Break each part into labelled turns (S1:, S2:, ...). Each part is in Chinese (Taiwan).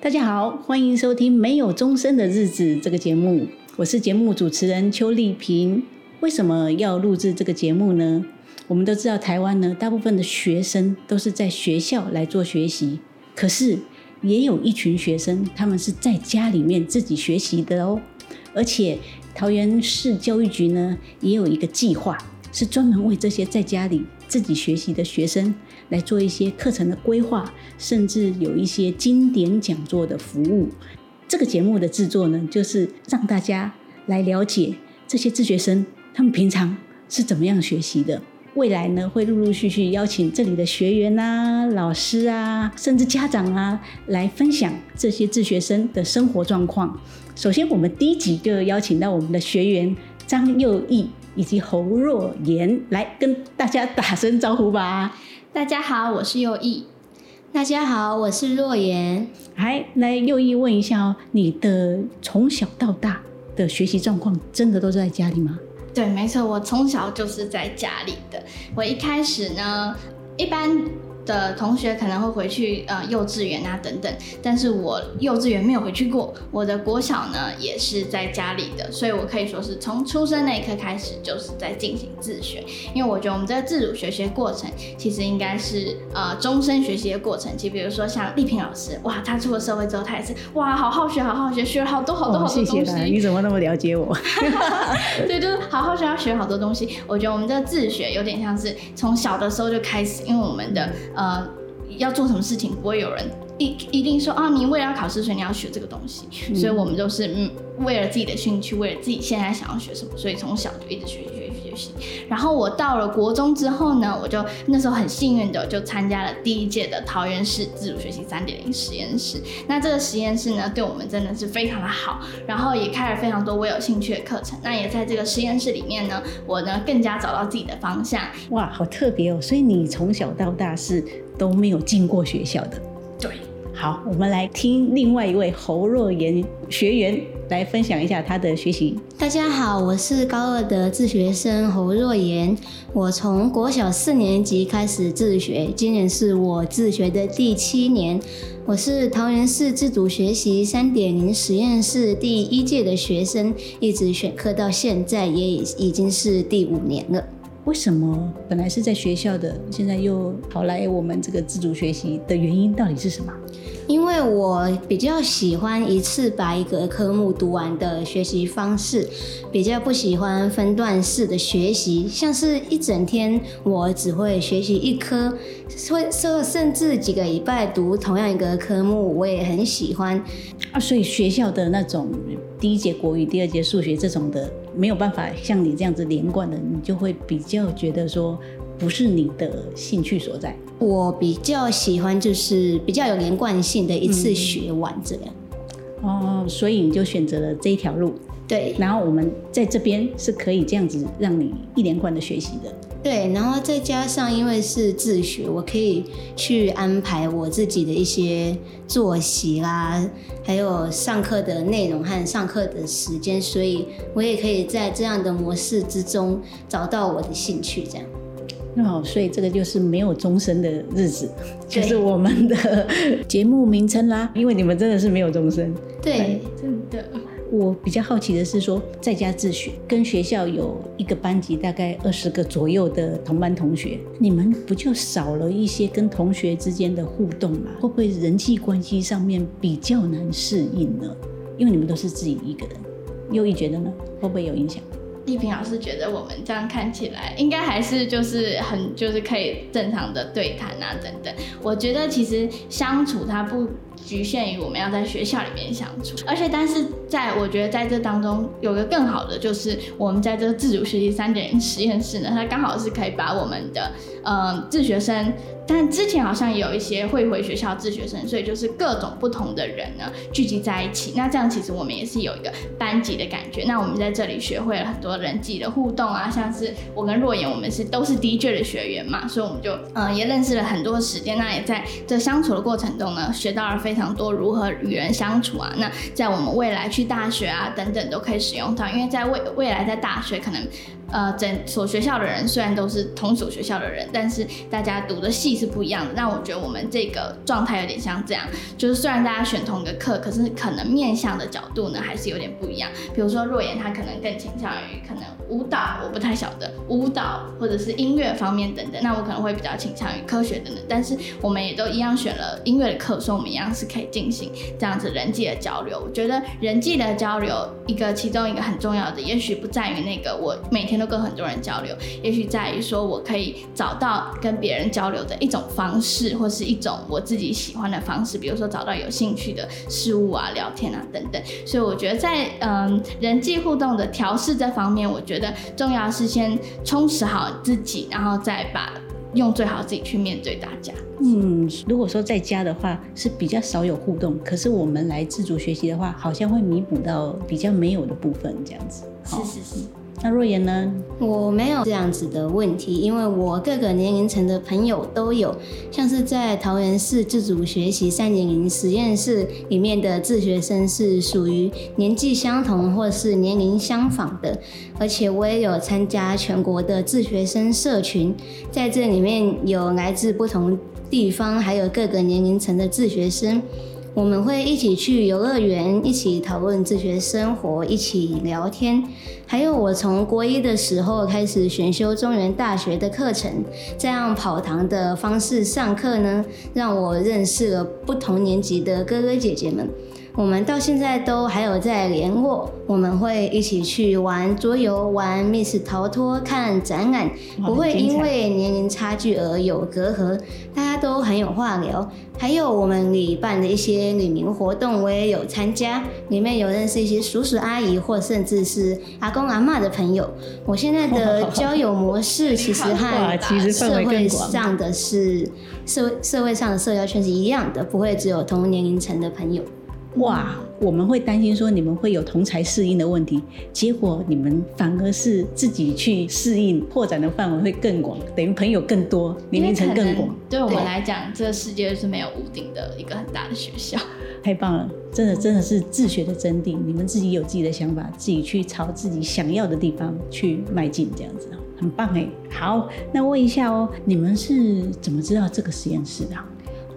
S1: 大家好，歡迎收聽《沒有鐘聲的日子》這個節目，我是節目主持人邱儷萍。為什麼要錄制這個節目呢？我們都知道，台灣呢，大部分的學生都是在學校來做學習，可是也有一群學生，他們是在家裡面自己學習的哦。而且桃園市教育局呢，也有一個計劃。是專門為這些在家裡自己學習的學生來做一些課程的規劃，甚至有一些經典講座的服務。這個節目的制作呢，就是讓大家來了解這些自學生他們平常是怎麼樣學習的。未來呢，會陸陸續續邀請這裡的學員啊、老師啊，甚至家長啊，來分享這些自學生的生活狀況。首先，我們第一集就邀請到我們的學員張又懿。以及侯若妍，來跟大家打聲招呼吧。大家好，我是又懿。大家好，我是若妍。來，來又懿問一下哦，你的從小到大的學習狀況真的都是在家裡嗎？
S2: 對，沒錯，我從小就是在家裡的。我一開始呢，一般。的同學可能會回去呃、幼稚園啊等等，但是我幼稚園沒有回去過，我的國小呢也是在家裡的，所以我可以說是從出生那一刻開始就是在進行自學，因為我覺得我們這個自主學習的過程其實應該是呃終身學習的過程，就比如說像儷萍老師，哇，她出了社會之後，她也是哇好好學好好學，學了好多好多好多好多東西。哦，謝謝啦，你怎麼那麼了解我？ 對，就是好好學要學好多東西，我覺得我們這個自學有點像是從小的時候就開始，因為我們的。嗯呃，要做什麼事情，不會有人一一定說啊，你為了要考試，所以你要學這個東西。嗯、所以我們都、就是、嗯、為了自己的興趣，為了自己現在想要學什麼，所以從小就一直學習。然後我到了國中之後呢，我就那時候很幸運的就參加了第一屆的桃園市自主學習三點零實驗室。那這個實驗室呢，對我們真的是非常的好，然後也開了非常多我有興趣的課程。那也在這個實驗室裡面呢，我呢更加找到自己的方向。
S1: 哇，好特別哦！所以你從小到大是都沒有進過學校的？好，我們來聽
S3: 另外一位侯若妍學員來分享一下他的學習。大家好，我是高二的自學生侯若妍。我從國小四年級開始自學，今年是我自學的第七年。我是桃園市自主學習三點零實驗室第一屆的學生，一直選課到現在，也已已經是第五年了。為什麼本來是在學校的，現在又跑來我們這個自主學習的原因到底是什麼？因為我比較喜歡一次把一個科目讀完的學習方式，比較不喜歡分段式的學習。像是一整天我只會學習一科，會甚至幾個禮拜讀同樣一個科目，我也很喜歡。所以學校的那種第一節國語、第二節數學這種的，
S1: 沒有辦法像你這樣子連貫的，你就會比較覺得說不是你的興趣所在。我比較喜歡就是比較有連貫性的一次學完，嗯，這樣。哦，嗯，所以你就選擇了這一條路。對，然後我們在這邊是可以這樣子讓你一連貫的學習的。
S3: 對，然後再加上因為是自學，我可以去安排我自己的一些作息啦，還有上課的內容和上課的時間，所以我也可以在這樣的模式之中找到我的興趣。這樣。
S1: 那好，所以這個就是沒有鐘聲的日子，就是我們的節目名稱啦。因為你們真的是沒有鐘聲。
S2: 對，真的。
S1: 我比較好奇的是說，說在家自學跟學校有一個班級，大概二十個左右的同班同學，你們不就少了一些跟同學之間的互動嗎？會不會人際關係上面比較難適應呢？因為你們都是自己一個人，又懿覺得呢？會不會有影
S2: 響？麗萍老師覺得我們這樣看起來，應該還是就是很就是可以正常的對談啊等等。我覺得其實相處它不。局限於我們要在學校裡面相處，而且但是在我覺得在這當中有個更好的就是我們在這個自主學習三點零實驗室呢，它剛好是可以把我們的呃自學生，但之前好像也有一些會回學校自學生，所以就是各種不同的人呢聚集在一起，那這樣其實我們也是有一個班級的感覺。那我們在這裡學會了很多人際的互動啊，像是我跟若妍，我們是都是 DJ 的學員嘛，所以我們就嗯、呃、也認識了很多時間、啊，那也在這相處的過程中呢，學到了非。非常多，如何與人相處啊，那在我們未來去大學啊等等都可以使用到，因為在未未來在大學可能。呃，整所學校的人雖然都是同所學校的人，但是大家讀的系是不一樣的。那我覺得我們這個狀態有點像這樣，就是雖然大家選同一個課，可是可能面向的角度呢還是有點不一樣。比如說若妍，他可能更傾向於可能舞蹈，我不太曉得舞蹈或者是音樂方面等等。那我可能會比較傾向於科學等等。但是我們也都一樣選了音樂的課，所以我們一樣是可以進行這樣子人際的交流。我覺得人際的交流一個其中一個很重要的，也許不在於那個我每天。都跟很多人交流，也許在於說我可以找到跟別人交流的一種方式，或是一種我自己喜歡的方式，比如說找到有興趣的事物啊、聊天啊等等。所以我覺得在嗯、呃、人際互動的調試這方面，我覺得重要的是先充實好自己，然後再把用最好自己去面對大家。嗯，
S1: 如果說在家的話是比較少有互動，可是
S3: 我們來自主學習的話，好像會彌補到比較沒有的部分，這樣子。
S2: 好，是
S1: 是
S3: 是。那若妍呢？我沒有這樣子的問題，因為我各個年齡層的朋友都有，像是在桃園市自主學習3.0實驗室裡面的自學生是屬於年紀相同或是年齡相仿的，而且我也有參加全國的自學生社群，在這裡面有來自不同地方，還有各個年齡層的自學生。我們會一起去遊樂園，一起討論自學生活，一起聊天。還有，我從國一的時候開始選修中原大學的課程，這樣跑堂的方式上課呢，讓我認識了不同年級的哥哥姐姐們。我們到現在都還有在聯絡，我們會一起去玩桌遊、玩密室逃脫、看展覽，不會因為年齡差距而有隔閡，大家都很有話聊。還有我們里辦的一些里民活動，我也有參加，裡面有認識一些叔叔阿姨，或甚至是阿公阿嬤的朋友。我現在的交友模式其實和社會上的是社會社會上的社交圈是一樣的，不會只有同年齡層的朋友。哇，我們會擔心說，你們會有同儕適應的問題，結果你們
S1: 反而是自己去適應，擴展的範圍會更廣，等於朋友更多，年齡層更廣。對我們來
S2: 講，這個世界是沒有屋頂的一個很大的學校。
S1: 太棒了，真的真的是自學的真諦，你們自己有自己的想法，自己去朝自己想要的地方去邁進，這樣子，很棒哎。好，那問一下哦，你們是怎麼知道這個實驗室的啊？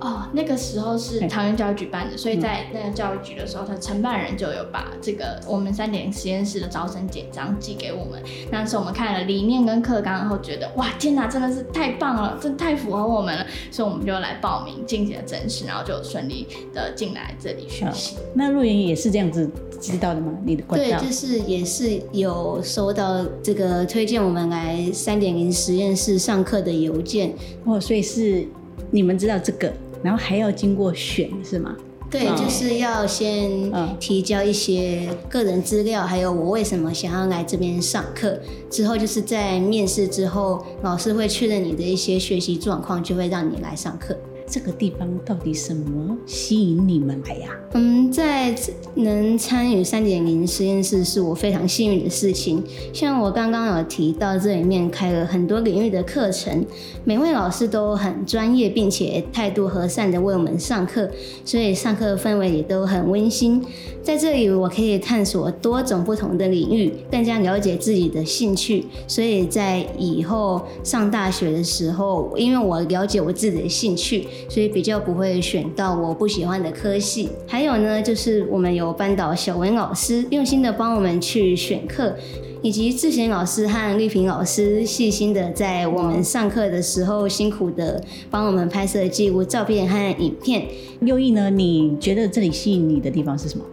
S2: 哦、oh，，那個時候是桃園教育舉辦的，欸、所以在那個教育局的時候，嗯、他承辦人就有把這個我們三點零實驗室的招生簡章寄給我們。那時候我們看了理念跟課綱，然後覺得哇，天吶、啊，真的是太棒了，這太符合我們了，所以我們就來報名進行了甄試，然後就順利的進來這裡學習、哦。
S3: 那若妍也是這樣子知道的
S1: 嗎？你的對，就
S3: 是也是有收到這個推薦我們來三點零實驗室上課的郵件哦，所以是你們知道這個。然後還要經過選是嗎？對，就是要先提交一些個人資料，還有我為什麼想要來這邊上課。之後就是在面試之後，老師會確認你的一些學習狀況，就會讓你來上課。這個地方到底什麼吸引你們來呀、啊？嗯，在能參與3.0實驗室是我非常幸運的事情。像我剛剛有提到，這裡面開了很多領域的課程，每位老師都很專業，並且態度和善地為我們上課，所以上課氛圍也都很溫馨。在這裡，我可以探索多種不同的領域，更加了解自己的興趣。所以在以後上大學的時候，因為我了解我自己的興趣。所以比較不會選到我不喜歡的科系，還有呢，就是我們有班導小文老師用心的幫我們去選課，以及志賢老師和儷萍老師細心的在我們上課的時候辛苦的幫我們拍攝記錄照片和影片。又懿呢，你覺得這裡吸引你的地方是什麼？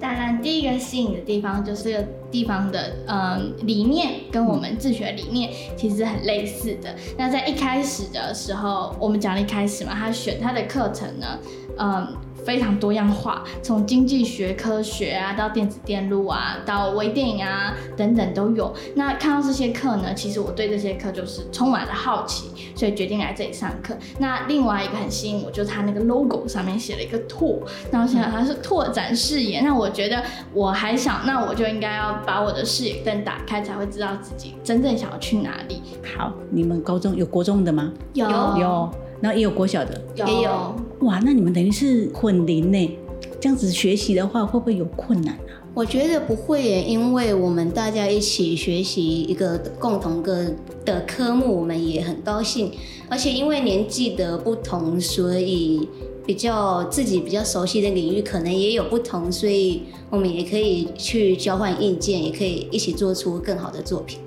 S2: 第一個吸引的地方就是這個地方的嗯，理念跟我們自學理念其實很類似的。那在一開始的時候，我們講一開始嘛，他選他的課程呢，嗯。非常多樣化，從經濟學、科學啊，到電子電路啊，到微電影啊等等都有。那看到這些課呢，其實我對這些課就是充滿了好奇，所以決定來這裡上課。那另外一個很吸引我，就是它那個 logo 上面寫了一個拓，那我想它是拓展視野。嗯。那我覺得我還想，那我就應該要把我的視野更打開，才會知道自己真正想要去哪裡。好，
S1: 你們高中有國中的嗎？有。有。有。那也有國小的？有。也有。哇，那你們等於是混齡呢，這樣子學
S3: 習的話會不會有困難呢？我覺得不會耶，因為我們大家一起學習一個共同的的科目，我們也很高興。而且因為年紀的不同，所以比較自己比較熟悉的領域可能也有不同，所以我們也可以去交換意見，也可以一起做出更好的作品。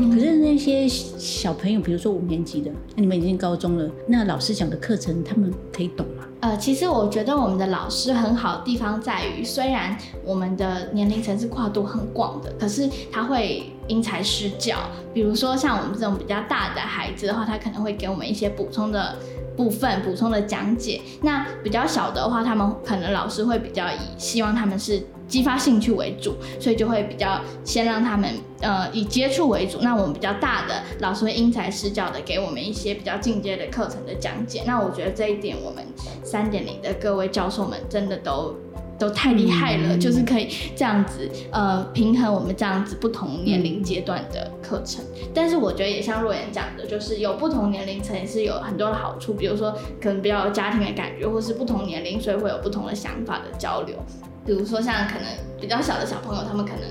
S2: 嗯，可是
S1: 那些小朋友，比如說五年級的，那你們已經高中了，那老師講的課程他們可以懂嗎？
S2: 呃，其實我覺得我們的老師很好的地方在於，雖然我們的年齡層次跨度很廣的，可是他會因材施教。比如說像我們這種比較大的孩子的話，他可能會給我們一些補充的部分、補充的講解。那比較小的話，他們可能老師會比較以希望他們是。激發興趣為主，所以就會比較先讓他們呃以接觸為主。那我們比較大的老師會因材施教的給我們一些比較進階的課程的講解。那我覺得這一點，我們三點零的各位教授們真的都。都太厲害了，嗯，就是可以這樣子，呃，平衡我們這樣子不同年齡階段的課程，嗯。但是我覺得也像若妍講的，就是有不同年齡層是有很多的好處，比如說可能比較有家庭的感覺，或是不同年齡所以會有不同的想法的交流。比如說像可能比較小的小朋友，他們可能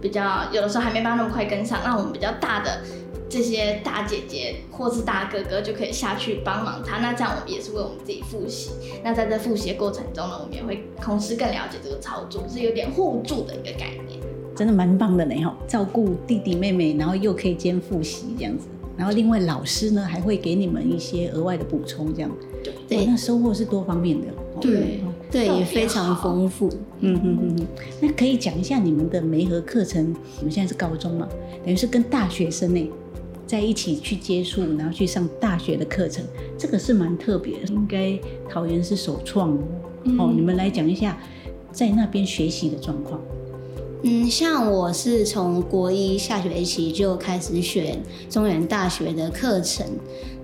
S2: 比較有的時候還沒辦法那麼快跟上，那我們比較大的。這些大姐姐或是大哥哥就可以下去幫忙他，那這樣我們也是為我們自己複習。那在這複習的過程中呢，我們也會同時更了解這個操作，是有點互助的一個概念。
S1: 真的蠻棒的呢，哈！照顧弟弟妹妹，然後又可以兼複習這樣子。然後另外老師呢還會給你們一些額外的補充，這樣對，那收穫是多方面的。對、哦、對，對，也非常豐富。嗯嗯嗯嗯，那可以講一下你們的媒合課程。你們現在是高中嘛，等於是跟大學生呢。在一起去接觸，然後去上大學的課程，這個是蠻特別的，應該桃園是首創哦。嗯，哦，你們來講一下在那邊學習的狀況。
S3: 嗯，像我是從國一下學期就開始選中原大學的課程，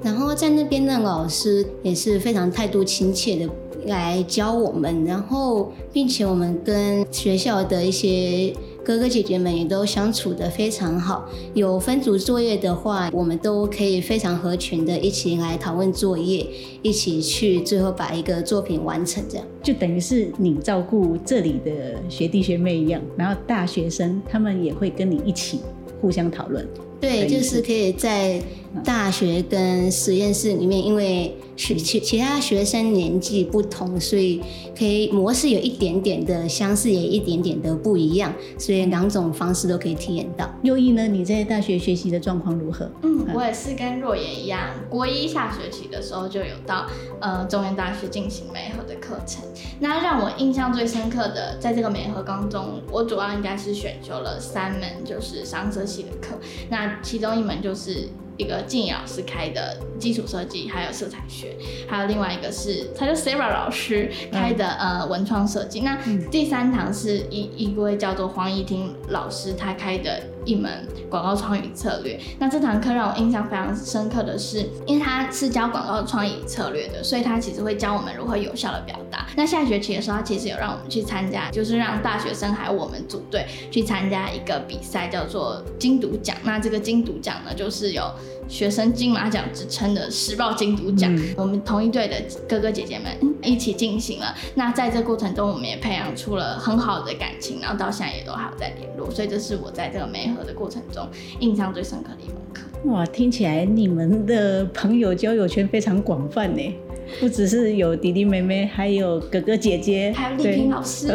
S3: 然後在那邊的老師也是非常態度親切的來教我們，然後並且我們跟學校的一些。哥哥姐姐們也都相處得非常好。有分組作業的話，我們都可以非常合群的一起來討論作業，一起去最後把一個作品完成。這樣就等於是你照顧這
S1: 裡的學弟學妹一樣，然後大學生他們也會跟你一起互相討論。
S3: 對，就是可以在大學跟實驗室裡面，因為學其其他學生年紀不同，所以可以模式有一點點的相似，也一點點的不一樣，所以兩種方式都可以體驗到。又懿呢，你在大學學習的狀況如何？嗯，
S2: 嗯，我也是跟若妍一樣，國一下學期的時候就有到呃中原大學進行媒合的課程。那讓我印象最深刻的，在這個媒合當中，我主要應該是選修了三門就是商社系的課。那其中一門就是一個靜怡老師開的基礎設計，還有色彩學，還有另外一個是他叫 Sara 老師開的、嗯、呃文創設計。那、嗯、第三堂是一一位叫做黃怡婷老師她開的。一門廣告創意策略。那這堂課讓我印象非常深刻的是，因為他是教廣告創意策略的，所以他其實會教我們如何有效的表達。那下學期的時候，他其實有讓我們去參加，就是讓大學生還有我們組隊去參加一個比賽，叫做金犢獎。那這個金犢獎呢，就是有學生金馬獎之稱的時報金犢獎，我們同一隊的哥哥姐姐們一起進行了。那在這過程中，我們也培養出了很好的感情，然後到現在也都還有在聯絡。所以這是我在這個媒合的過程中印象最深刻的一門
S1: 課。哇，聽起來你們的朋友交友圈非常廣泛呢，不只是有弟弟妹妹，還有哥哥姐姐，還有麗萍老師。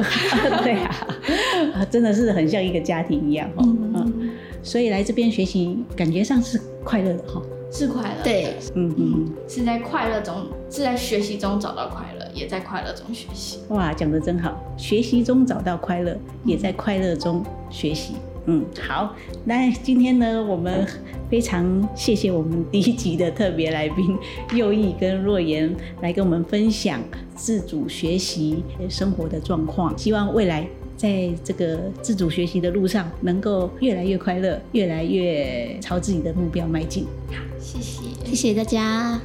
S1: 對呀、 啊，真的是很像一個家庭一樣、嗯所以來這邊學習，感覺上是快樂的哈？是快樂的，對，嗯嗯，
S2: 是在快樂中是在學習中找到快樂，也在快樂中學
S1: 習。哇，講得真好，學習中找到快樂，嗯、也在快樂中學習。嗯，好，那今天呢，我們非常謝謝我們第一集的特別來賓又懿、嗯、跟若妍來跟我們分享自主學習生活的狀況，希望未來。在這個自主學習的路上，能夠越來越快樂，越來越朝自己的目標邁進。好，謝謝，謝謝大家。